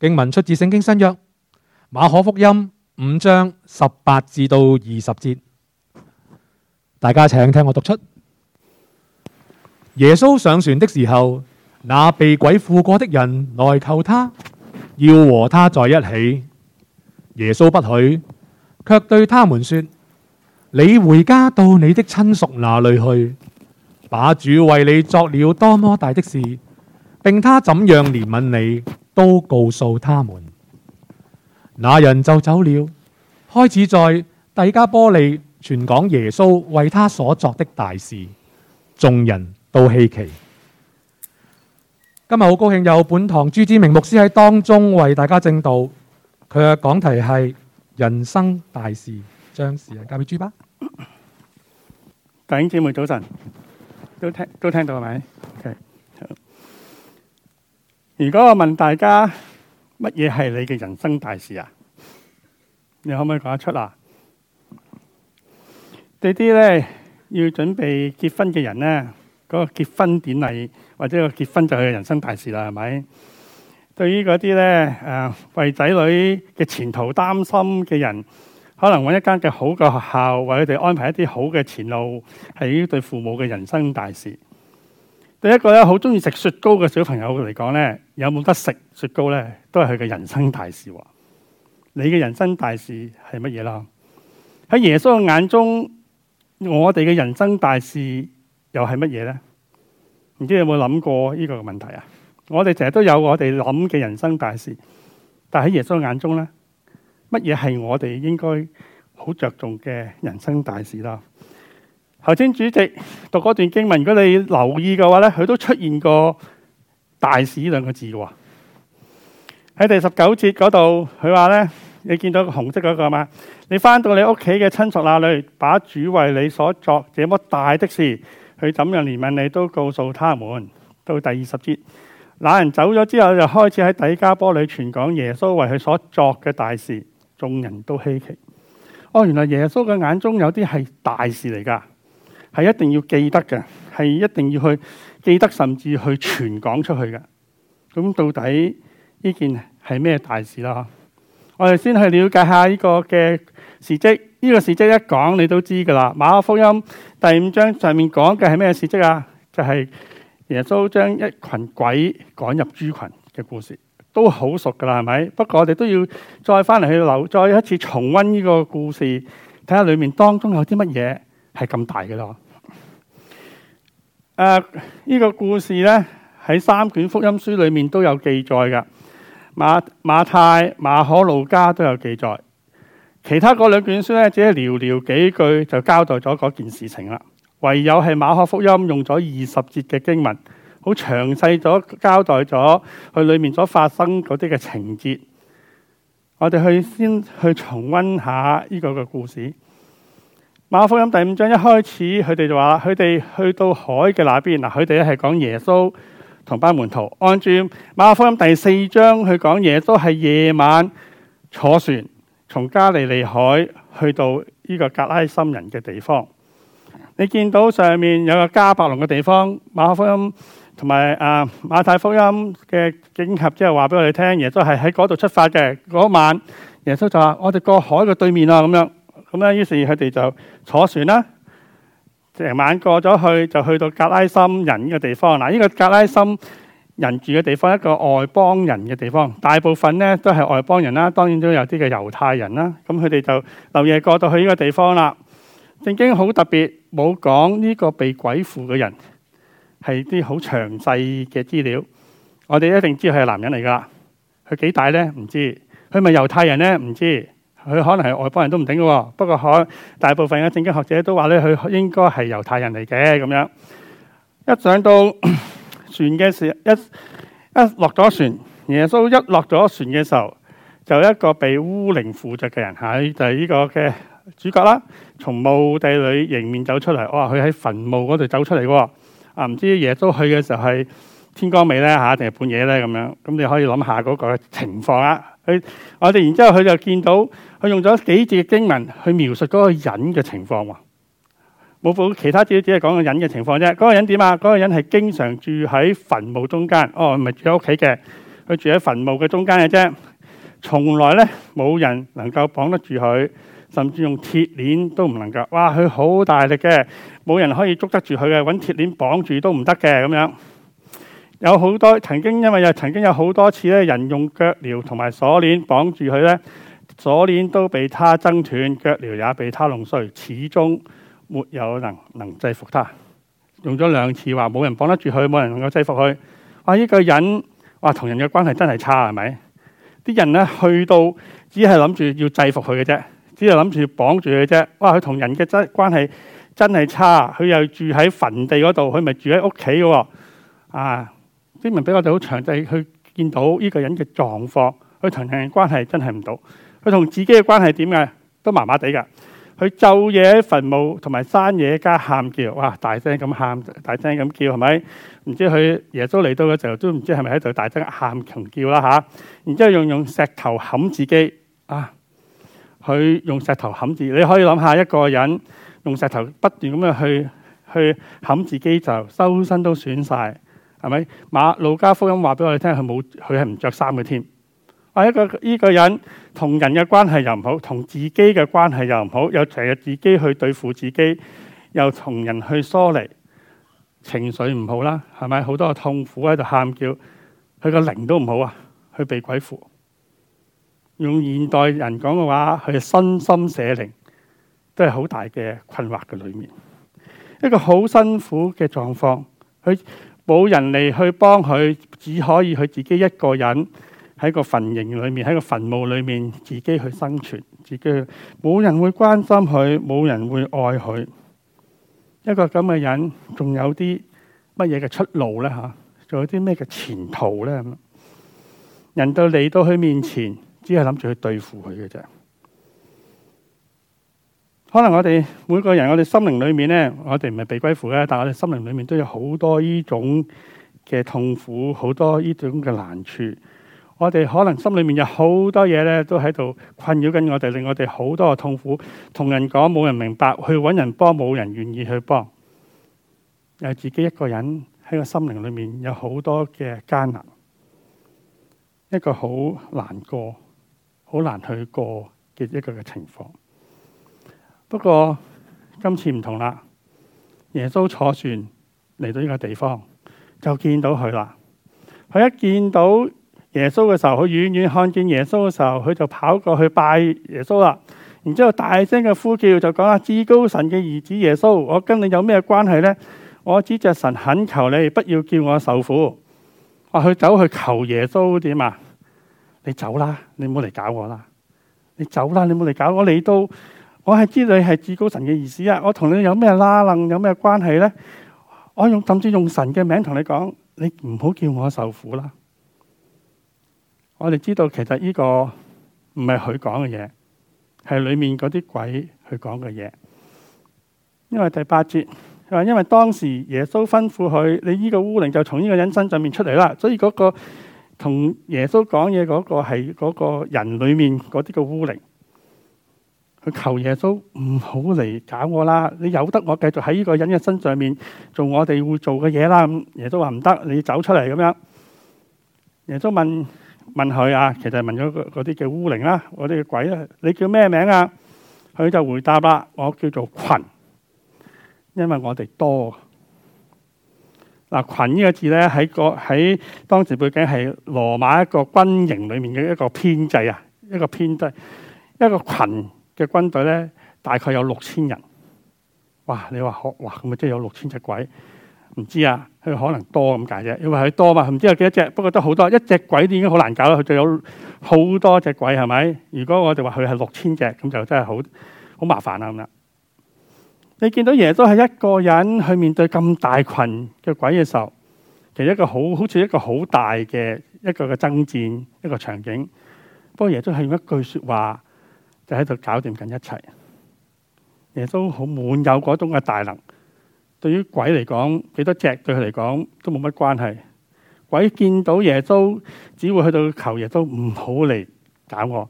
經文出自聖經新約馬可福音五章十八至到二十節，大家請聽我讀出：耶穌上船的時候，那被鬼附過的人來求他，要和他在一起。耶穌不許，卻對他們說：你回家到你的親屬那裡去，把主為你作了多麼大的事，並他怎樣憐憫你，都告訴他們，那人就走了，開始在低加波利傳講耶穌為他所作的大事，眾人都希奇。今日好高興有本堂朱之明牧師喺當中為大家證道，佢嘅講題係人生大事，將時間交俾朱巴。弟兄姐妹早晨，都聽都聽到係咪？Okay. 如果我問大家乜嘢係你嘅人生大事啊？你可唔可以講得出啊？這些呢啲咧要準備結婚嘅人咧，嗰、嗰個結婚典禮或者個結婚就係人生大事啦，係咪？對於嗰啲咧誒為仔女嘅前途擔心嘅人，可能揾一間嘅好嘅學校，為佢哋安排一啲好嘅前路，係對父母嘅人生大事。對一個咧，好中意食雪糕嘅小朋友嚟講咧。有冇得食雪糕咧？都係佢嘅人生大事。你嘅人生大事係乜嘢啦？喺耶穌嘅眼中，我哋嘅人生大事又係乜嘢咧？唔知你有冇諗過呢個問題啊？我哋成日都有我哋諗嘅人生大事，但喺耶穌眼中咧，乜嘢係我哋應該好着重嘅人生大事啦？頭先主席讀嗰段經文，如果你留意嘅話咧，佢都出現過。大事兩個字喎、啊，喺第十九節嗰度，佢話呢：你「你見到個紅色嗰個嘛？你翻到你屋企嘅親屬那裡，把主為你所作這麼大的事，佢怎樣憐憫你，都告訴他們。到第二十節，那人走咗之後，就開始喺底加波里傳講耶穌為佢所作嘅大事，眾人都稀奇。哦，原來耶穌嘅眼中有啲係大事嚟噶，係一定要記得嘅，係一定要去。記得甚至去傳講出去嘅，咁到底呢件係咩大事啦？我哋先去了解下呢個嘅事蹟。呢個事蹟一講你都知㗎喇，《馬可福音》第五章上面講嘅係咩事蹟啊？就係耶穌將一群鬼趕入豬群嘅故事，都好熟㗎喇，係咪？不過我哋都要再翻嚟去留，再一次重溫呢個故事，睇下裡面當中有啲乜嘢係咁大嘅咯。誒，呢個故事呢，喺三卷福音書裡面都有記載噶，馬馬太、馬可、路加都有記載。其他嗰兩卷書呢，只係寥寥幾句就交代咗嗰件事情啦。唯有係馬可福音用咗二十節嘅經文，好詳細咗交代咗佢裡面所發生嗰啲嘅情節。我哋去先去重温下呢個嘅故事。馬可福音第五章一開始，佢哋就話，佢哋去到海嘅那邊嗱，佢哋咧係講耶穌同班門徒按住馬可福音第四章去講嘢，都係夜晚坐船從加利利海去到呢個格拉森人嘅地方。你見到上面有個加百龍嘅地方，馬可福音同埋啊馬太福音嘅景合，即係話俾我哋聽，耶穌都係喺嗰度出發嘅。嗰晚耶穌就話：我哋過海嘅對面啊，咁樣。咁咧，於是佢哋就坐船啦，成晚過咗去，就去到格拉森人呢個地方。嗱，呢個格拉森人住嘅地方，一個外邦人嘅地方，大部分咧都係外邦人啦，當然都有啲嘅猶太人啦。咁佢哋就留夜過到去呢個地方啦。聖經好特別，冇講呢個被鬼附嘅人係啲好詳細嘅資料。我哋一定知佢係男人嚟噶，佢幾大咧唔知，佢係咪猶太人咧唔知。佢可能係外邦人都唔定嘅喎，不過可大部分嘅正經學者都話咧，佢應該係猶太人嚟嘅。咁樣一。一上到船嘅時，一一落咗船，耶穌一落咗船嘅時候，就一個被污靈附著嘅人嚇，就係、是、呢個嘅主角啦。從墓地裏迎面走出嚟，哇！佢喺墳墓嗰度走出嚟喎。啊，唔知耶穌去嘅時候係天光未咧嚇，定係半夜咧咁樣？咁你可以諗下嗰個情況啦。佢我哋然之後，佢就見到佢用咗幾字嘅經文去描述嗰個人嘅情況喎。冇冇其他字，只係講個人嘅情況啫。嗰個人點啊？嗰個人係經常住喺墳墓中間。哦，唔係住喺屋企嘅，佢住喺墳墓嘅中間嘅啫。從來呢冇人能夠綁得住佢，甚至用鐵鏈都唔能夠。哇！佢好大力嘅，冇人可以捉得住佢嘅，搵鐵鏈綁住都唔得嘅咁樣。有好多曾經因為又曾經有好多次咧，人用腳鐐同埋鎖鏈綁住佢咧，鎖鏈都被他掙斷，腳鐐也被他弄碎，始終沒有能能制服他。用咗兩次話冇人綁得住佢，冇人能夠制服佢。哇！呢個人哇同人嘅關係真係差係咪？啲人咧去到只係諗住要制服佢嘅啫，只係諗住綁住佢啫。哇！佢同人嘅真關係真係差。佢又住喺墳地嗰度，佢咪住喺屋企嘅喎啊！啲人畀我哋好詳細去見到呢個人嘅狀況，佢同人嘅關係真係唔到，佢同自己嘅關係點嘅都麻麻地嘅。佢晝夜喺墳墓同埋山野間喊叫，哇！大聲咁喊，大聲咁叫，係咪？唔知佢耶穌嚟到嘅時候都唔知係咪喺度大聲喊強叫啦吓、啊，然之後用用石頭冚自己啊，佢用石頭冚自己。你可以諗下一個人用石頭不斷咁樣去去冚自己就周身都損晒。係咪馬路加福音話俾我哋聽？佢冇佢係唔着衫嘅添。啊，一個依、這個人同人嘅關係又唔好，同自己嘅關係又唔好，又成日自己去對付自己，又同人去疏離，情緒唔好啦。係咪好多痛苦喺度喊叫？佢個靈都唔好啊！佢被鬼附。用現代人講嘅話，佢身心社靈都係好大嘅困惑嘅裏面，一個好辛苦嘅狀況，佢。冇人嚟去幫佢，只可以佢自己一個人喺個墳營裏面，喺個墳墓裏面自己去生存，自己去，冇人會關心佢，冇人會愛佢。一個咁嘅人，仲有啲乜嘢嘅出路咧？吓，仲有啲咩嘅前途咧？人到嚟到佢面前，只係諗住去對付佢嘅啫。可能我哋每個人，我哋心靈裏面呢，我哋唔係被歸負咧，但係我哋心靈裏面都有好多呢種嘅痛苦，好多呢種嘅難處。我哋可能心裏面有好多嘢呢，都喺度困擾緊我哋，令我哋好多嘅痛苦。同人講冇人明白，去搵人幫冇人願意去幫，又自己一個人喺個心靈裏面有好多嘅艱難，一個好難過、好難去過嘅一個嘅情況。不過今次唔同啦，耶穌坐船嚟到呢個地方，就見到佢啦。佢一見到耶穌嘅時候，佢遠遠看見耶穌嘅時候，佢就跑過去拜耶穌啦。然之後大聲嘅呼叫就講啦：至高神嘅兒子耶穌，我跟你有咩關係呢？我指着神懇求你不要叫我受苦。話佢走去求耶穌點啊？你走啦，你唔好嚟搞我啦。你走啦，你唔好嚟搞我，你都……」我係知你係至高神嘅意思啊！我同你有咩啦楞有咩關係咧？我用甚至用神嘅名同你講，你唔好叫我受苦啦！我哋知道其實呢個唔係佢講嘅嘢，係裏面嗰啲鬼佢講嘅嘢。因為第八節佢話，因為當時耶穌吩咐佢，你呢個污靈就從呢個人身上面出嚟啦，所以嗰個同耶穌講嘢嗰個係嗰個人裏面嗰啲嘅污靈。佢求耶穌唔好嚟搞我啦！你由得我繼續喺呢個人嘅身上面做我哋會做嘅嘢啦。咁耶穌話唔得，你要走出嚟咁樣。耶穌問問佢啊，其實問咗嗰嗰啲叫污靈啦，嗰啲嘅鬼咧，你叫咩名啊？佢就回答啦，我叫做羣，因為我哋多嗱羣呢個字咧喺個喺當時背景係羅馬一個軍營裡面嘅一個編制啊，一個編制一個羣。嘅軍隊咧，大概有六千人。哇！你話學哇咁咪即係有六千隻鬼，唔知啊，佢可能多咁解啫。因為佢多嘛，唔知有幾多隻，不過都好多。一隻鬼都已經好難搞啦，佢仲有好多隻鬼係咪？如果我哋話佢係六千隻，咁就真係好好麻煩啦，啊。咁啦，你見到耶穌係一個人去面對咁大群嘅鬼嘅時候，其實一個好好似一個好大嘅一個嘅爭戰一個場景。不過耶穌係用一句說話。就喺度搞掂緊一切，耶穌好滿有嗰種嘅大能。對於鬼嚟講，幾多隻對佢嚟講都冇乜關係。鬼見到耶穌，只會去到求耶穌唔好嚟搞我，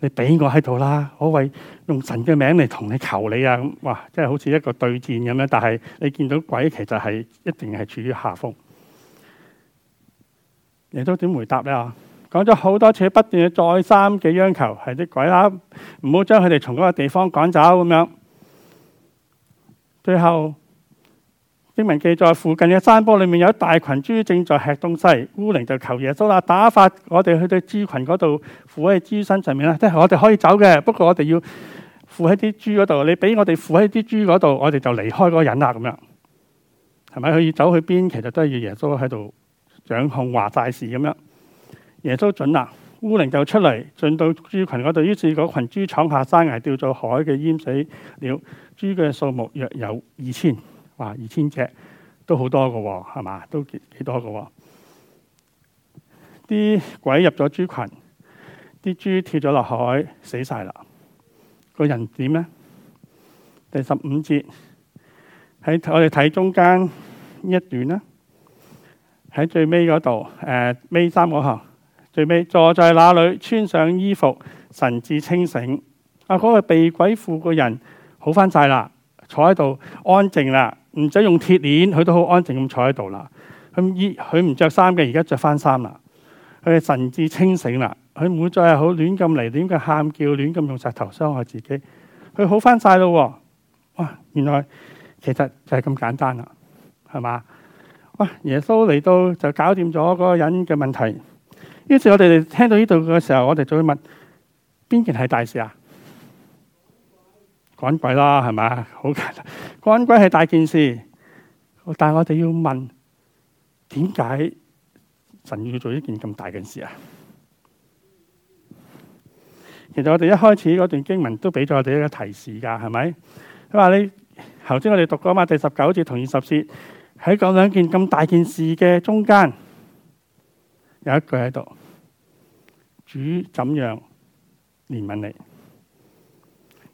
你俾我喺度啦。我為用神嘅名嚟同你求你啊！咁哇，即係好似一個對戰咁樣。但係你見到鬼，其實係一定係處於下風。耶穌點回答咧？啊！講咗好多次，不斷嘅再三嘅央求，係啲鬼啦，唔好將佢哋從嗰個地方趕走咁樣。最後，經文記載，附近嘅山坡裏面有一大群豬正在吃東西。污靈就求耶穌啦，打發我哋去到豬群嗰度，附喺豬身上面啦，即係我哋可以走嘅。不過我哋要附喺啲豬嗰度，你俾我哋附喺啲豬嗰度，我哋就離開嗰個人啦。咁樣係咪可以走去邊？其實都係要耶穌喺度掌控話晒事咁樣。耶穌准啦，烏靈就出嚟進到豬群嗰度，於是嗰羣豬闖下山崖掉咗海嘅淹死了。豬嘅數目約有二千，哇，二千隻都好多嘅喎，係嘛？都幾多嘅喎？啲鬼入咗豬群，啲豬跳咗落海死晒啦。個人點咧？第十五節喺我哋睇中間一段啦，喺最尾嗰度，誒、呃、尾三嗰行。最尾坐在那裏，穿上衣服，神志清醒。啊，嗰個被鬼附嘅人好翻晒啦，坐喺度安靜啦，唔使用鐵鏈，佢都好安靜咁坐喺度啦。咁衣佢唔着衫嘅，而家着翻衫啦。佢神志清醒啦，佢唔會再係好亂咁嚟，亂咁喊叫，亂咁用石頭傷害自己。佢好翻晒咯，哇！原來其實就係咁簡單啦，係嘛？哇！耶穌嚟到就搞掂咗嗰個人嘅問題。於是我哋聽到呢度嘅時候，我哋就會問：邊件係大事啊？趕鬼啦，係咪？好簡單，趕鬼係大件事。但係我哋要問：點解神要做一件咁大件事啊？其實我哋一開始嗰段經文都俾咗我哋一個提示噶，係咪？佢話，你頭先我哋讀過嘛？第十九節同二十節喺嗰兩件咁大件事嘅中間有一句喺度。主怎樣憐憫你？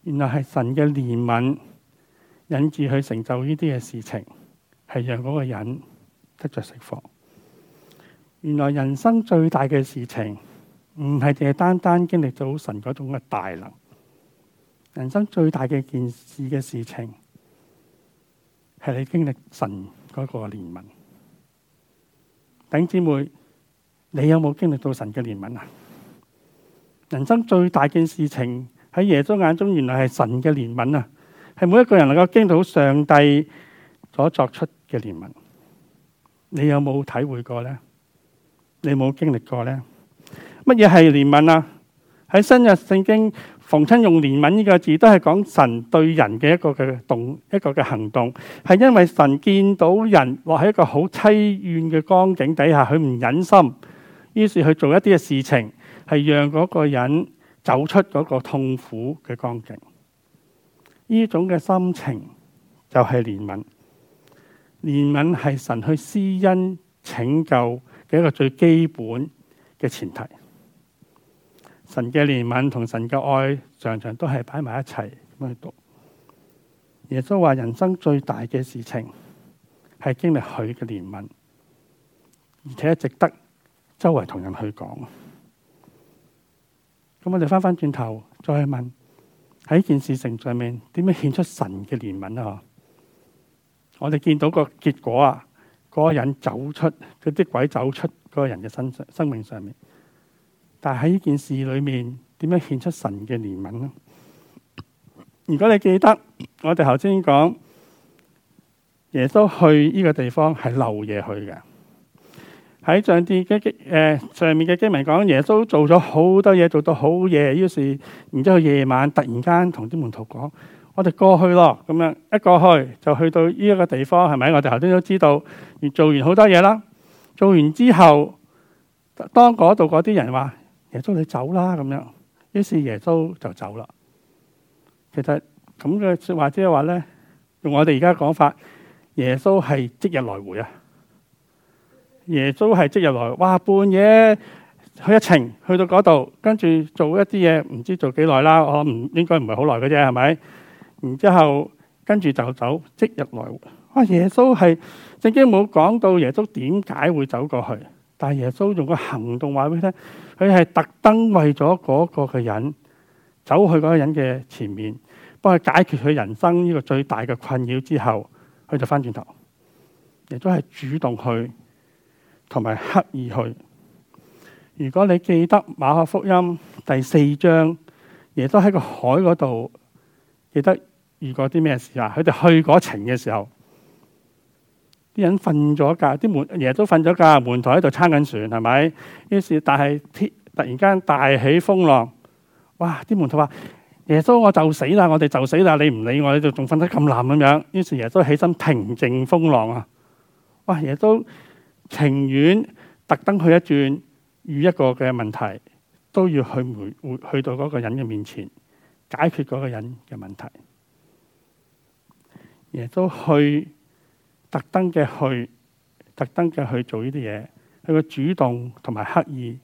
原來係神嘅憐憫引致去成就呢啲嘅事情，係讓嗰個人得着釋放。原來人生最大嘅事情唔係淨係單單經歷到神嗰種嘅大能，人生最大嘅件事嘅事情係你經歷神嗰個憐憫。頂姊妹，你有冇經歷到神嘅憐憫啊？人生最大件事情喺耶穌眼中，原來係神嘅憐憫啊！係每一個人能夠經歷到上帝所作出嘅憐憫。你有冇體會過呢？你冇經歷過呢？乜嘢係憐憫啊？喺新約聖經逢親用憐憫呢個字，都係講神對人嘅一個嘅動，一個嘅行動，係因為神見到人落喺一個好淒怨嘅光景底下，佢唔忍心，於是去做一啲嘅事情。係讓嗰個人走出嗰個痛苦嘅光景，呢種嘅心情就係憐憫。憐憫係神去施恩拯救嘅一個最基本嘅前提。神嘅憐憫同神嘅愛常常都係擺埋一齊。咁去讀。耶穌話：人生最大嘅事情係經歷佢嘅憐憫，而且值得周圍同人去講。咁我哋翻翻轉頭，再去問喺件事情上面，點樣顯出神嘅憐憫啊？我哋見到個結果啊，嗰、那個人走出，佢啲鬼走出嗰個人嘅身生命上面。但係喺呢件事裏面，點樣顯出神嘅憐憫咧？如果你記得我哋頭先講，耶穌去呢個地方係漏嘢去嘅。喺上啲嘅基、呃、上面嘅經文講，耶穌做咗好多嘢，做到好夜。於是，然之後夜晚突然間同啲門徒講：我哋過去咯。咁樣一過去就去到呢一個地方，係咪？我哋頭先都知道，做完好多嘢啦。做完之後，當嗰度嗰啲人話：耶穌你走啦。咁樣於是耶穌就走啦。其實咁嘅説話即係話咧，用我哋而家講法，耶穌係即日來回啊。耶穌係即日來，哇，半夜去一程，去到嗰度，跟住做一啲嘢，唔知做幾耐啦，我唔應該唔係好耐嘅啫，係咪？然之後跟住就走，即日來。哇，耶穌係聖經冇講到耶穌點解會走過去，但係耶穌用個行動話俾你聽，佢係特登為咗嗰個嘅人，走去嗰個人嘅前面，幫佢解決佢人生呢個最大嘅困擾之後，佢就翻轉頭。耶穌係主動去。同埋刻意去。如果你記得馬可福音第四章，耶穌喺個海嗰度，記得遇過啲咩事啊？佢哋去嗰程嘅時候，啲人瞓咗覺，啲門耶穌瞓咗覺，門徒喺度撐緊船，係咪？於是大，但係天突然間大起風浪，哇！啲門徒話：耶穌，我就死啦，我哋就死啦，你唔理我，你仲仲瞓得咁爛咁樣。於是耶穌起身平靜風浪啊！哇！耶穌。情願特登去一轉，遇一個嘅問題，都要去回回去到嗰個人嘅面前，解決嗰個人嘅問題，亦都去特登嘅去，特登嘅去，去做呢啲嘢，佢嘅主動同埋刻意，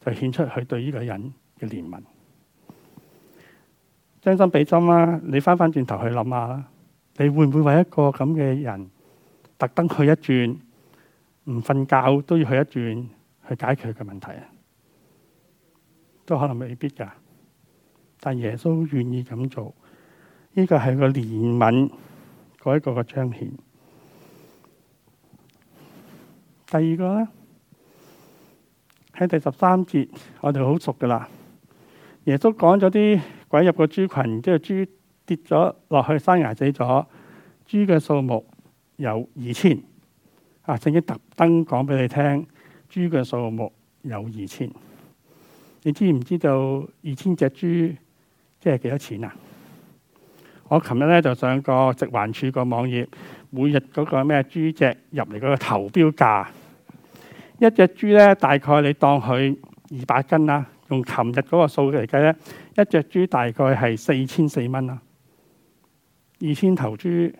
就顯出佢對呢個人嘅憐憫，將心比心啦。你翻翻轉頭去諗下啦，你會唔會為一個咁嘅人，特登去一轉？唔瞓覺都要去一轉去解決佢嘅問題啊，都可能未必噶，但耶穌願意咁做，呢、這個係個憐憫，嗰一個嘅彰顯。第二個咧喺第十三節，我哋好熟噶啦，耶穌講咗啲鬼入個豬群，之後豬跌咗落去山崖死咗，豬嘅數目有二千。啊！曾經特登講俾你聽，豬嘅數目有二千。你知唔知道二千隻豬，即係幾多錢啊？我琴日咧就上個直環處個網頁，每日嗰個咩豬隻入嚟嗰個投標價，一隻豬咧大概你當佢二百斤啦，用琴日嗰個數據嚟計咧，一隻豬大概係四千四蚊啦。二千頭豬，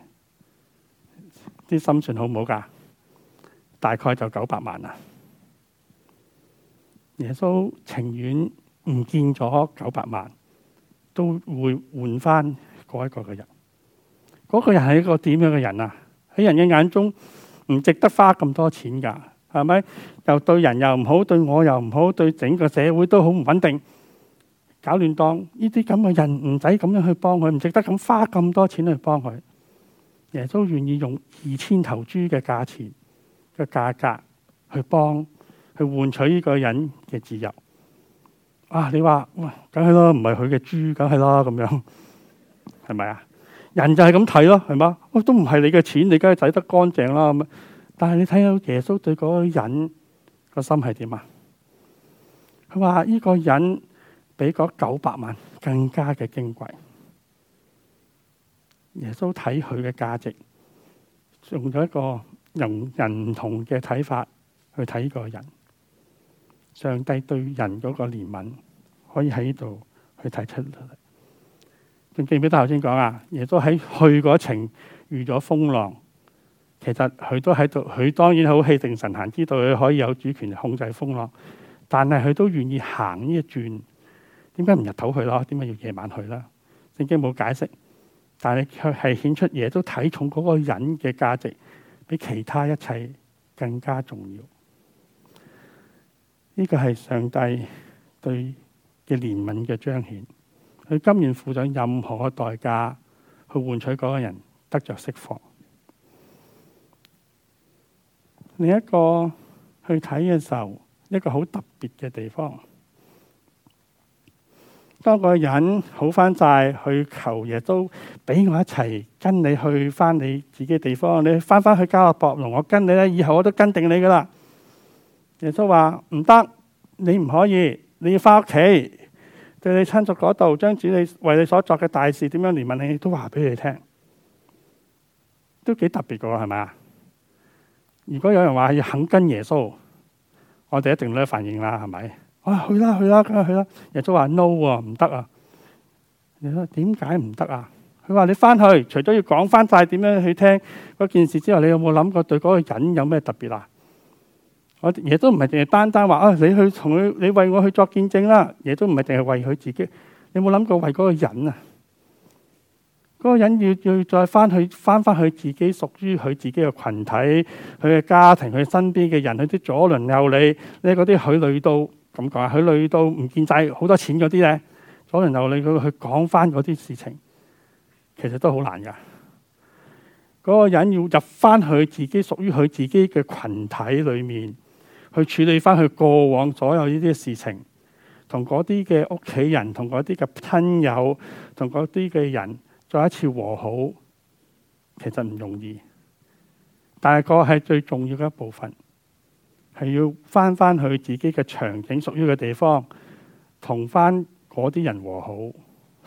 啲心算好唔好噶？大概就九百萬啊！耶穌情願唔見咗九百萬，都會換翻嗰一個嘅人。嗰個人係一個點樣嘅人啊？喺人嘅眼中唔值得花咁多錢㗎，係咪？又對人又唔好，對我又唔好，對整個社會都好唔穩定，搞亂當。呢啲咁嘅人唔使咁樣去幫佢，唔值得咁花咁多錢去幫佢。耶穌願意用二千頭豬嘅價錢。嘅價格去幫，去換取呢個人嘅自由啊！你話梗係咯，唔係佢嘅豬，梗係咯咁樣，係咪啊？人就係咁睇咯，係嘛？啊，都唔係你嘅錢，你梗係洗使得乾淨啦咁。但係你睇到耶穌對嗰個人個心係點啊？佢話呢個人比嗰九百萬更加嘅矜貴。耶穌睇佢嘅價值，用咗一個。用人唔同嘅睇法去睇個人，上帝對人嗰個憐憫可以喺呢度去睇出嚟。仲記唔記得頭先講啊，耶穌喺去嗰程遇咗風浪，其實佢都喺度，佢當然好氣定神閒，知道佢可以有主權控制風浪，但係佢都願意行呢一轉。點解唔日頭去咯？點解要夜晚去啦？聖經冇解釋，但係佢係顯出耶穌睇重嗰個人嘅價值。比其他一切更加重要。呢個係上帝對嘅憐憫嘅彰顯，佢甘願付上任何嘅代價去換取嗰個人得着釋放。另一個去睇，嘅時候，一個好特別嘅地方。當個人好翻晒，去求耶穌，俾我一齊跟你去翻你自己嘅地方。你翻翻去加個博農，我跟你咧，以後我都跟定你噶啦。耶穌話唔得，你唔可以，你要翻屋企，對你親屬嗰度，將主你為你所作嘅大事，點樣憐憫告訴你，都話俾你聽，都幾特別噶，係咪啊？如果有人話要肯跟耶穌，我哋一定咧反應啦，係咪？啊，去啦去啦去啦去啦！耶穌話：No 啊，唔得啊！你話點解唔得啊？佢話：你翻去，除咗要講翻曬點樣去聽嗰件事之外，你有冇諗過對嗰個人有咩特別啊？我耶穌唔係淨係單單話啊，你去同佢，你為我去作見證啦。耶穌唔係淨係為佢自己，你冇諗過為嗰個人啊？嗰個人要要再翻去翻翻去自己屬於佢自己嘅羣體，佢嘅家庭，佢身邊嘅人，佢啲左鄰右里，你嗰啲許女道。咁講，佢累到唔見晒好多錢嗰啲呢。可能由女，佢去講翻嗰啲事情，其實都好難噶。嗰、嗰個人要入翻佢自己屬於佢自己嘅群體裏面，去處理翻佢過往所有呢啲事情，同嗰啲嘅屋企人、同嗰啲嘅親友、同嗰啲嘅人再一次和好，其實唔容易，但係個係最重要嘅一部分。係要翻翻去自己嘅場景，屬於嘅地方，同翻嗰啲人和好，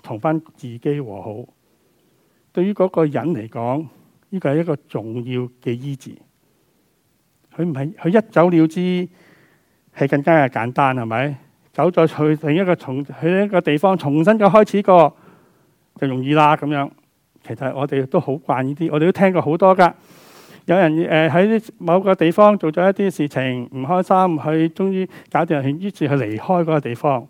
同翻自己和好。對於嗰個人嚟講，呢個係一個重要嘅醫治。佢唔係佢一走了之，係更加係簡單，係咪？走咗去另一個重去一個地方，重新再開始過，就容易啦咁樣。其實我哋都好慣呢啲，我哋都聽過好多㗎。有人誒喺某個地方做咗一啲事情唔開心，佢終於搞掂完，於是佢離開嗰個地方，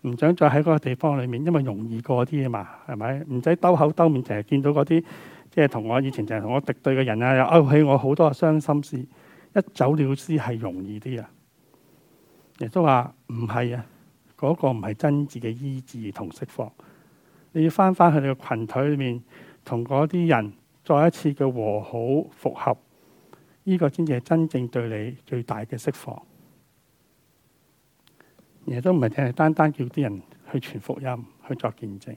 唔想再喺嗰個地方裏面，因為容易過啲啊嘛，係咪？唔使兜口兜面，淨係見到嗰啲即係同我以前淨係同我敵對嘅人啊，又勾起我好多傷心事，一走了之係容易啲啊！亦都話唔係啊，嗰、嗰個唔係真摯嘅醫治同釋放，你要翻返去你嘅群體裏面，同嗰啲人。再一次嘅和好復合，呢、這個先至係真正對你最大嘅釋放。耶穌唔係淨係單單叫啲人去傳福音去作見證，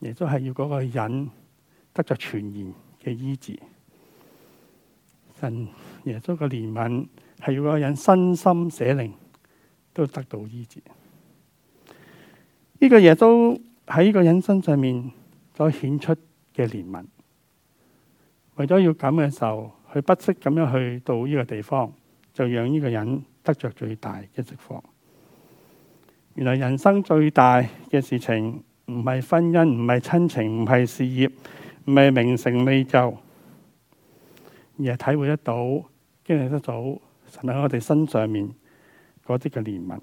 耶穌係要嗰個人得着全然嘅醫治。神耶穌嘅憐憫係要嗰個人身心舍靈都得到醫治。呢、這個耶穌喺呢個人身上面所顯出嘅憐憫。為咗要咁嘅時候，佢不惜咁樣去到呢個地方，就讓呢個人得着最大嘅釋放。原來人生最大嘅事情，唔係婚姻，唔係親情，唔係事業，唔係名成利就，而係體會得到、經歷得到神喺我哋身上面嗰啲嘅憐憫。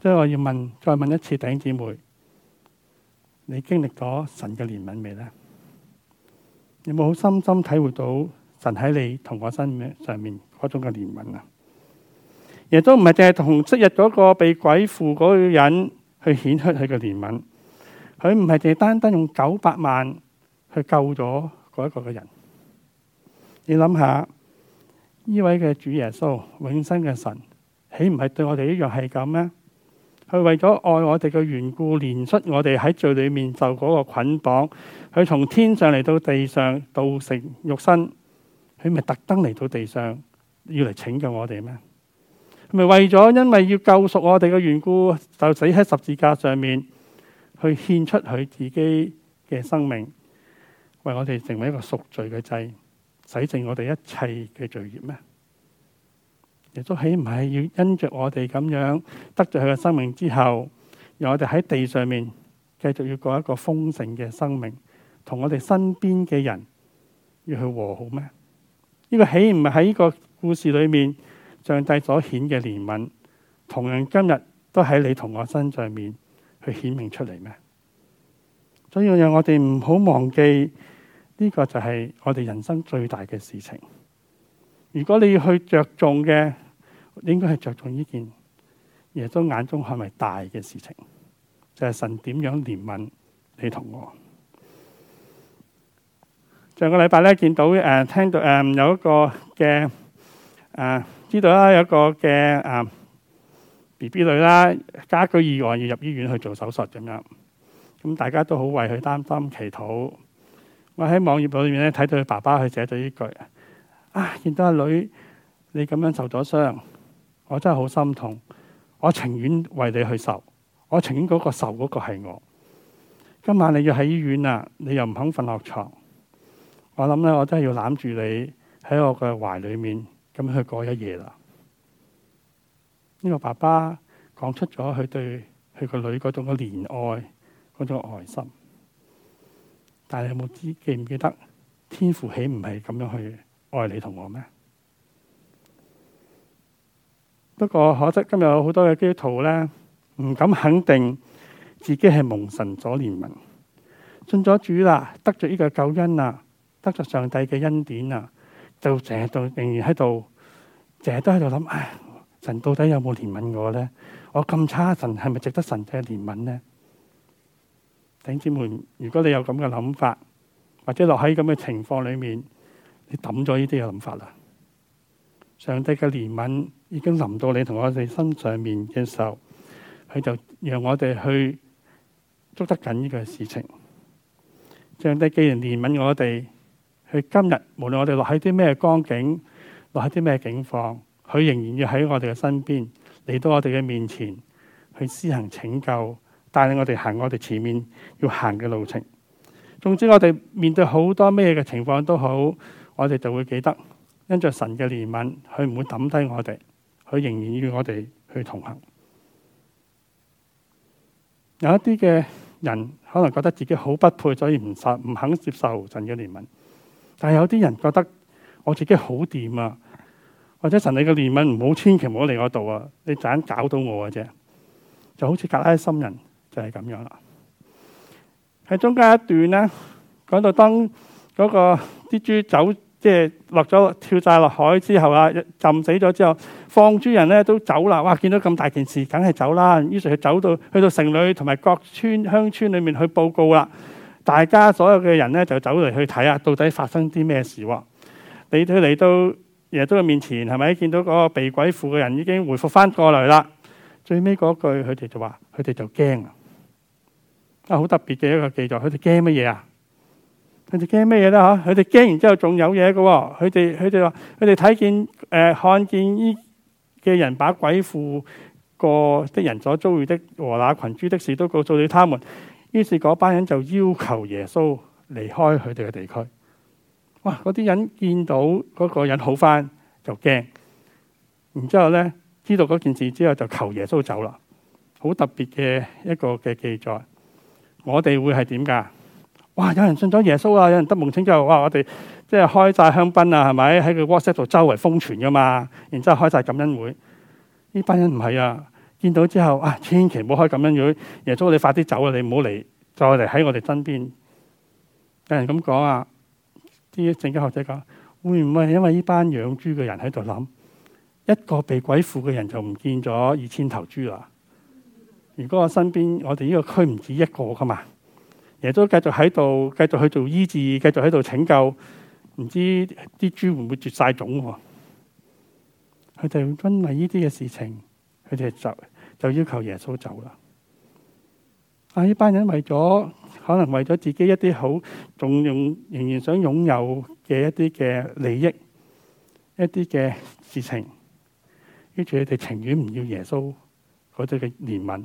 即係我要問，再問一次，弟兄姊妹，你經歷咗神嘅憐憫未呢？有冇好深深體會到神喺你同我身上面嗰種嘅憐憫啊？亦都唔係淨係同昔日嗰個被鬼附嗰個人去顯出佢嘅憐憫，佢唔係淨係單單用九百萬去救咗嗰一個嘅人。你諗下，呢位嘅主耶穌永生嘅神，豈唔係對我哋一樣係咁咩？佢為咗愛我哋嘅緣故，連出我哋喺罪裏面受嗰個捆綁。佢從天上嚟到地上，道成肉身。佢咪特登嚟到地上，要嚟拯救我哋咩？咪為咗因為要救贖我哋嘅緣故，就死喺十字架上面，去獻出佢自己嘅生命，為我哋成為一個贖罪嘅祭，洗淨我哋一切嘅罪孽咩？亦都豈唔係要因着我哋咁樣得罪佢嘅生命之後，讓我哋喺地上面繼續要過一個豐盛嘅生命，同我哋身邊嘅人要去和好咩？呢個豈唔係喺呢個故事裏面上帝所顯嘅憐憫，同樣今日都喺你同我身上面去顯明出嚟咩？所以讓我哋唔好忘記呢個就係我哋人生最大嘅事情。如果你要去着重嘅，應該係着重呢件亦都眼中係咪大嘅事情？就係神點樣憐憫你同我。上個禮拜咧，見到誒，聽到誒，有一個嘅誒，知道啦，有一個嘅誒 BB 女啦，家居意外要入醫院去做手術咁樣，咁大家都好為佢擔心祈禱。我喺網頁裏面咧睇到佢爸爸去寫咗呢句。啊！見到阿女，你咁樣受咗傷，我真係好心痛。我情願為你去受，我情願嗰個受嗰個係我。今晚你要喺醫院啦，你又唔肯瞓落床。我諗咧，我真係要攬住你喺我嘅懷裡面咁去過一夜啦。呢、這個爸爸講出咗佢對佢個女嗰種嘅憐愛嗰種愛心，但係你有冇知記唔記得天父豈唔係咁樣去？愛你同我咩？不過可惜今日有好多嘅基督徒咧，唔敢肯定自己係蒙神所憐憫，信咗主啦，得咗呢個救恩啦，得咗上帝嘅恩典啦，就成日都仍然喺度，成日都喺度諗，唉，哎，神到底有冇憐憫我咧？我咁差，神係咪值得神嘅憐憫咧？弟兄們，如果你有咁嘅諗法，或者落喺咁嘅情況裏面。你抌咗呢啲嘅諗法啦。上帝嘅憐憫已經臨到你同我哋身上面嘅時候，佢就讓我哋去捉得緊呢個事情。上帝既然憐憫我哋，佢今日無論我哋落喺啲咩光景，落喺啲咩境況，佢仍然要喺我哋嘅身邊，嚟到我哋嘅面前，去施行拯救，帶領我哋行我哋前面要行嘅路程。總之，我哋面對好多咩嘅情況都好。我哋就會記得，因着神嘅憐憫，佢唔會抌低我哋，佢仍然與我哋去同行。有一啲嘅人可能覺得自己好不配，所以唔受唔肯接受神嘅憐憫。但係有啲人覺得我自己好掂啊，或者神你嘅憐憫唔好千祈唔好嚟我度啊，你盞搞到我嘅啫。就好似加拉心人就係、是、咁樣啦。喺中間一段呢，講到當嗰、那個啲豬走。即係落咗跳晒落海之後啊，浸死咗之後，放豬人咧都走啦。哇！見到咁大件事，梗係走啦。於是佢走到去到城裏同埋各村鄉村裏面去報告啦。大家所有嘅人咧就走嚟去睇下到底發生啲咩事喎？你哋嚟到耶穌面前係咪見到嗰個被鬼附嘅人已經回復翻過嚟啦？最尾嗰句佢哋就話：佢哋就驚啊！好特別嘅一個記載，佢哋驚乜嘢啊？佢哋驚咩嘢咧？嗬！佢哋驚，然之後仲有嘢噶。佢哋佢哋話，佢哋睇見誒、呃，看見呢嘅人把鬼附過的人所遭遇的和那群豬的事都告訴咗他們。於是嗰班人就要求耶穌離開佢哋嘅地區。哇！嗰啲人見到嗰、那個人好返就驚，然之後咧知道嗰件事之後就求耶穌走啦。好特別嘅一個嘅記載。我哋會係點噶？哇！有人信咗耶穌啊！有人得夢清之後，哇！我哋即係開晒香檳啊，係咪？喺個 WhatsApp 度周圍瘋傳噶嘛，然之後開晒感恩會。呢班人唔係啊，見到之後啊，千祈唔好開感恩會。耶穌，你快啲走啦，你唔好嚟，再嚟喺我哋身邊。有人咁講啊，啲政經學者講，會唔會係因為呢班養豬嘅人喺度諗？一個被鬼附嘅人就唔見咗二千頭豬啦。如果我身邊我哋呢個區唔止一個噶嘛？耶穌繼續喺度，繼續去做醫治，繼續喺度拯救。唔知啲豬會唔會絕晒種？佢哋因為呢啲嘅事情，佢哋就就要求耶穌走啦。啊！呢班人為咗可能為咗自己一啲好重要，仍然想擁有嘅一啲嘅利益，一啲嘅事情，跟住佢哋情願唔要耶穌嗰啲嘅憐憫。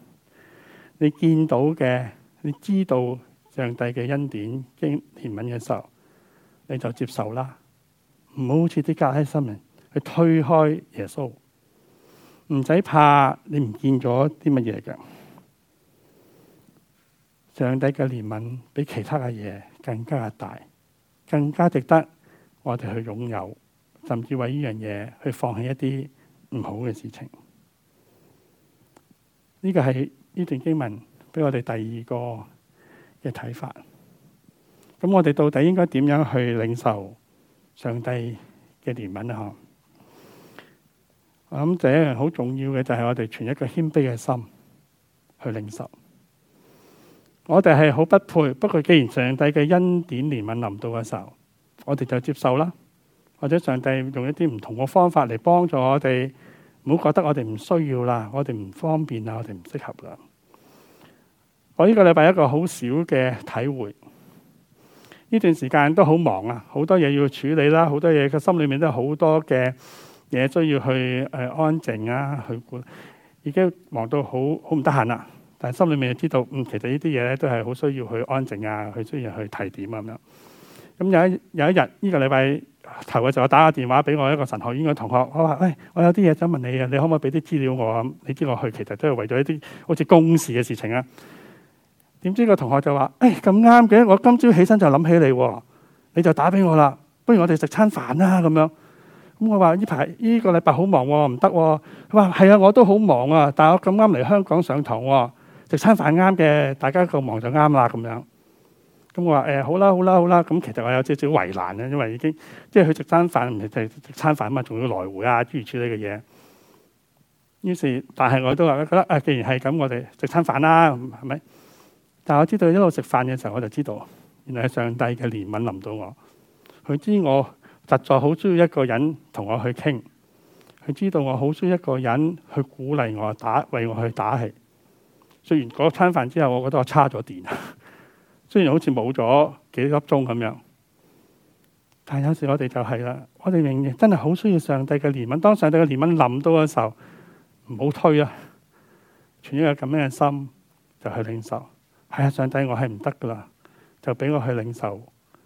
你見到嘅，你知道上帝嘅恩典、經憐憫嘅時候，你就接受啦。唔好好似啲隔閡心靈去推開耶穌，唔使怕你唔見咗啲乜嘢嘅。上帝嘅憐憫比其他嘅嘢更加大，更加值得我哋去擁有，甚至為呢樣嘢去放棄一啲唔好嘅事情。呢個係。呢段經文俾我哋第二個嘅睇法，咁我哋到底應該點樣去領受上帝嘅憐憫啊？我諗第一樣好重要嘅就係我哋存一個謙卑嘅心去領受。我哋係好不配，不過既然上帝嘅恩典憐憫臨到嘅時候，我哋就接受啦。或者上帝用一啲唔同嘅方法嚟幫助我哋。唔好覺得我哋唔需要啦，我哋唔方便啊，我哋唔適合啦。我呢個禮拜一個好少嘅體會，呢段時間都好忙啊，好多嘢要處理啦，好多嘢個心裏面都有好多嘅嘢需要去誒安靜啊，去管已經忙到好好唔得閒啦。但係心裏面就知道，嗯，其實呢啲嘢咧都係好需要去安靜啊，去需要去提點啊咁樣。咁有一有一日呢個禮拜。頭嘅時候我打個電話俾我一個神學院嘅同學，我話：喂，我有啲嘢想問你啊，你可唔可以俾啲資料我啊？你知道我去其實都係為咗一啲好似公事嘅事情啊。點知個同學就話：哎，咁啱嘅，我今朝起身就諗起你喎，你就打俾我啦。不如我哋食餐飯啦咁樣。咁我話：呢排呢個禮拜好忙喎，唔得。佢話：係啊，我都好忙啊，但係我咁啱嚟香港上堂喎，食餐飯啱嘅，大家咁忙就啱啦咁樣。咁、嗯、我話誒好啦好啦好啦，咁、嗯、其實我有少少種為難啊，因為已經即係去食餐飯，唔係食餐飯啊嘛，仲要來回啊諸如此類嘅嘢。於是，但係我都話覺得啊，既然係咁，我哋食餐飯啦，係咪？但係我知道一路食飯嘅時候，我就知道原來係上帝嘅憐憫臨到我。佢知我實在好需要一個人同我去傾。佢知道我好需要一個人去鼓勵我打，為我去打氣。食完嗰餐飯之後，我覺得我差咗電。雖然好似冇咗幾粒鐘咁樣，但係有時我哋就係啦，我哋仍然真係好需要上帝嘅憐憫。當上帝嘅憐憫臨到嘅時候，唔好推啊！存一個咁樣嘅心就去領受。係啊，上帝，我係唔得噶啦，就俾我去領受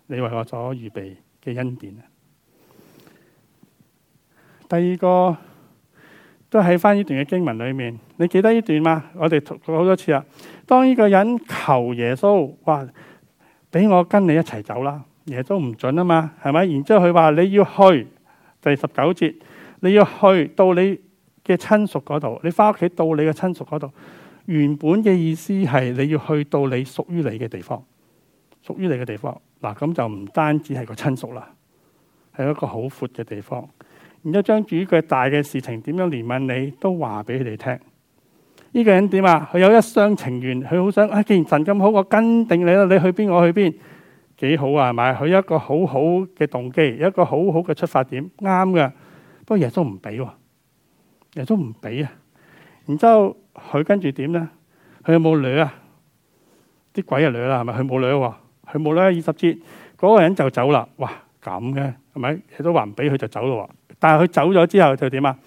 你為我所預備嘅恩典啊！第二個。都喺翻呢段嘅經文裏面，你記得呢段嗎？我哋讀過好多次啦。當呢個人求耶穌，話，俾我跟你一齊走啦。耶穌唔准啊嘛，係咪？然之後佢話你要去，第十九節你要去到你嘅親屬嗰度，你翻屋企到你嘅親屬嗰度。原本嘅意思係你要去到你屬於你嘅地方，屬於你嘅地方。嗱，咁就唔單止係個親屬啦，係一個好闊嘅地方。然之後，將主嘅大嘅事情點樣憐憫你都話俾佢哋聽。呢、這個人點啊？佢有一廂情願，佢好想啊。既然神咁好，我跟定你啦。你去邊，我去邊，幾好啊？係咪佢有一個好好嘅動機，有一個好好嘅出發點，啱嘅。不過，耶穌唔俾喎，耶穌唔俾啊。然之後，佢跟住點咧？佢有冇女啊？啲鬼啊，女啦係咪？佢冇女喎，佢冇女，二十節嗰個人就走啦。哇，咁嘅係咪？耶穌還唔俾佢就走咯喎。但係佢走咗之後就點啊？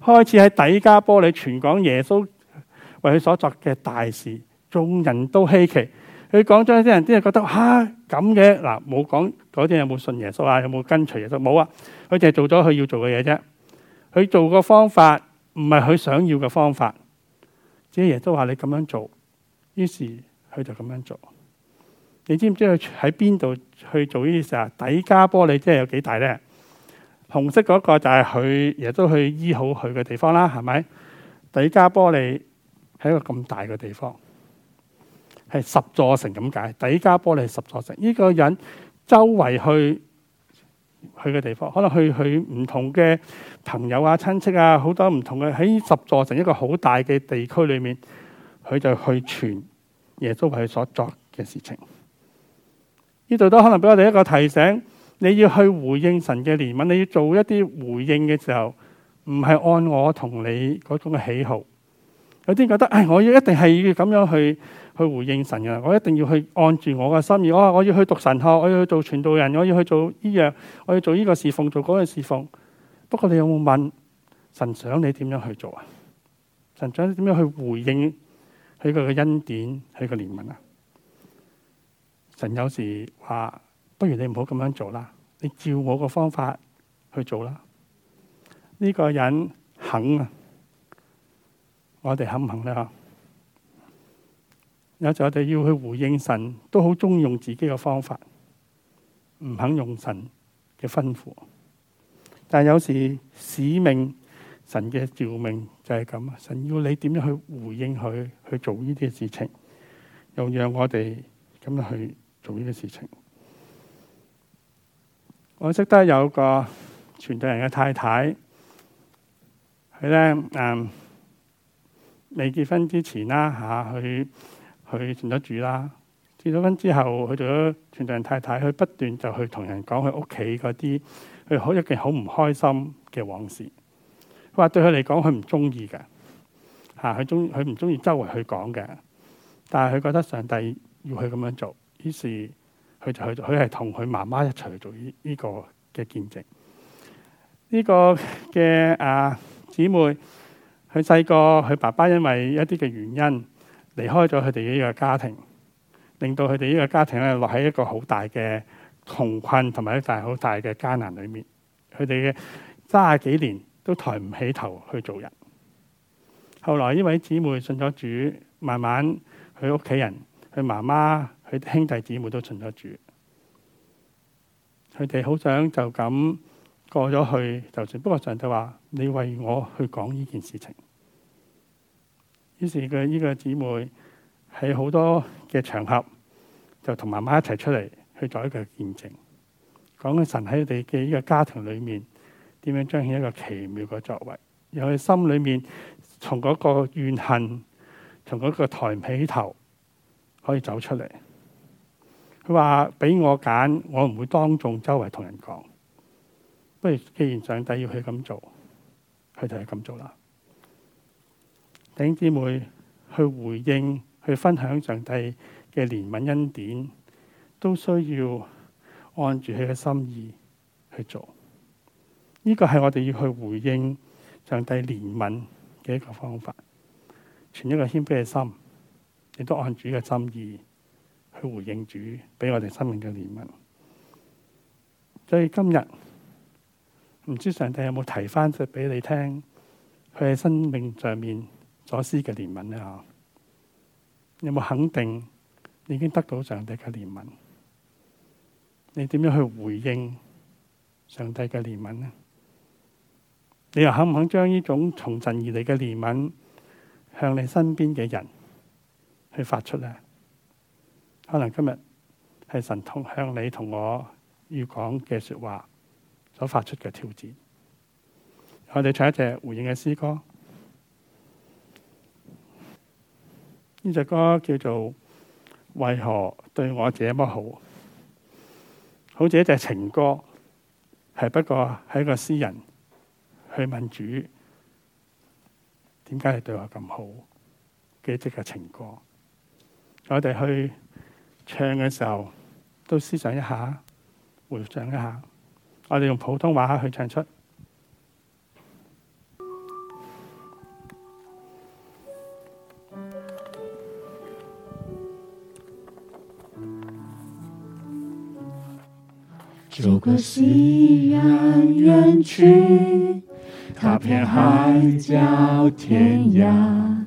開始喺低加波利傳講耶穌為佢所作嘅大事，眾人都稀奇。佢講咗啲人真係覺得吓，咁嘅嗱，冇講嗰啲人有冇信耶穌啊？有冇跟隨耶穌？冇啊！佢淨係做咗佢要做嘅嘢啫。佢做個方法唔係佢想要嘅方法，只係耶穌話你咁樣做，於是佢就咁樣做。你知唔知佢喺邊度去做呢啲事啊？低加波利真係有幾大咧？紅色嗰個就係佢，耶穌去醫好佢嘅地方啦，係咪？底加波利係一個咁大嘅地方，係十座城咁解。底加波利係十座城，呢、這個人周圍去去嘅地方，可能去去唔同嘅朋友啊、親戚啊，好多唔同嘅喺十座城一個好大嘅地區裏面，佢就去傳耶穌為佢所作嘅事情。呢度都可能俾我哋一個提醒。你要去回應神嘅憐憫，你要做一啲回應嘅時候，唔係按我同你嗰種嘅喜好。有啲人覺得，唉、哎，我要一定係要咁樣去去回應神嘅，我一定要去按住我嘅心意。我、哦、我要去讀神學，我要去做傳道人，我要去做呢樣，我要做呢個侍奉，做嗰個侍奉。不過你有冇問神想你點樣去做啊？神想你點樣去回應佢嘅恩典，佢嘅憐憫啊？神有時話。不如你唔好咁樣做啦，你照我個方法去做啦。呢個人肯啊，我哋肯唔肯咧？有時我哋要去回應神，都好鍾意用自己嘅方法，唔肯用神嘅吩咐。但有時使命神嘅召命就係咁啊！神要你點樣去回應佢，去做呢啲事情，又讓我哋咁樣去做呢啲事情。我識得有個傳道人嘅太太，佢咧誒未結婚之前啦，嚇佢佢存咗住啦，結咗婚之後，佢做咗傳道人太太，佢不斷就去同人講佢屋企嗰啲，佢好一件好唔開心嘅往事，話對佢嚟講佢唔中意嘅，嚇佢中佢唔中意周圍去講嘅，但係佢覺得上帝要佢咁樣做，於是，佢就去，佢係同佢媽媽一齊去做呢呢個嘅見證這。呢個嘅啊姊妹，佢細個佢爸爸因為一啲嘅原因離開咗佢哋呢個家庭，令到佢哋呢個家庭咧落喺一個好大嘅窮困同埋一大好大嘅艱難裏面。佢哋嘅三十幾年都抬唔起頭去做人。後來呢位姊妹信咗主，慢慢佢屋企人佢媽媽，佢兄弟姊妹都信咗主，佢哋好想就咁過咗去，就算。不過上帝話：你為我去講呢件事情。於是佢呢個姊妹喺好多嘅場合，就同媽媽一齊出嚟去做一個見證，講緊神喺佢哋嘅呢個家庭裏面點樣彰顯一個奇妙嘅作為，又佢心裏面從嗰個怨恨，從嗰個抬唔起頭，可以走出嚟。佢話俾我揀，我唔會當眾周圍同人講。不如，既然上帝要佢咁做，佢就係咁做啦。弟兄姊妹去回應、去分享上帝嘅憐憫恩典，都需要按住佢嘅心意去做。呢個係我哋要去回應上帝憐憫嘅一個方法，存一個謙卑嘅心，亦都按住佢嘅心意。去回應主俾我哋生命嘅憐憫，所以今日唔知上帝有冇提翻出俾你聽，佢喺生命上面所施嘅憐憫咧？嗬，有冇肯定你已經得到上帝嘅憐憫？你點樣去回應上帝嘅憐憫咧？你又肯唔肯將呢種從神而嚟嘅憐憫向你身邊嘅人去發出咧？可能今日係神同向你同我要講嘅說話所發出嘅挑戰。我哋唱一隻回應嘅詩歌，呢隻歌叫做《為何對我這麼好》，好似一隻情歌，係不過係一個詩人去問主：點解你對我咁好？嘅一隻嘅情歌，我哋去。唱嘅時候，都思想一下，回想一下，我哋用普通話去唱出。走過夕陽遠去，踏遍海角天涯。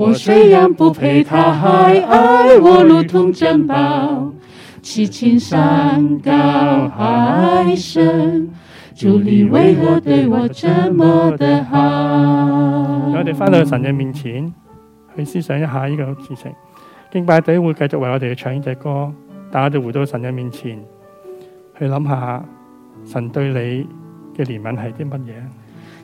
我雖然不配，他還愛我如同珍寶，其情山高海深，主你為何對我這麼的好？我哋翻到神嘅面前，去思想一下呢個事情。敬拜隊會繼續為我哋唱呢隻歌，大家就回到神嘅面前，去諗下神對你嘅憐憫係啲乜嘢。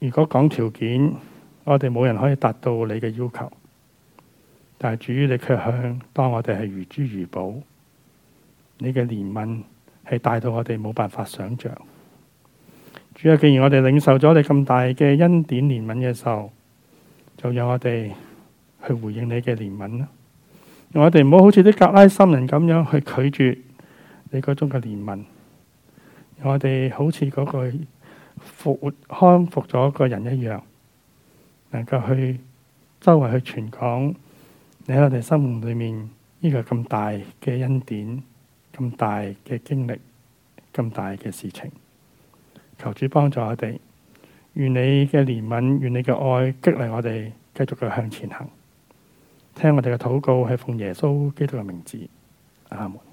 如果講條件，我哋冇人可以達到你嘅要求。但係主你卻向當我哋係如珠如寶，你嘅憐憫係大到我哋冇辦法想象主要既然我哋領受咗你咁大嘅恩典、憐憫嘅時候，就讓我哋去回應你嘅憐憫啦。我哋唔好好似啲格拉森人咁樣去拒絕你嗰種嘅憐憫。我哋好似嗰個復活康復咗個人一樣，能夠去周圍去傳講你喺我哋生命裏面呢個咁大嘅恩典、咁大嘅經歷、咁大嘅事情。求主幫助我哋，願你嘅憐憫、願你嘅愛激勵我哋繼續去向前行。聽我哋嘅禱告，係奉耶穌基督嘅名字，阿門。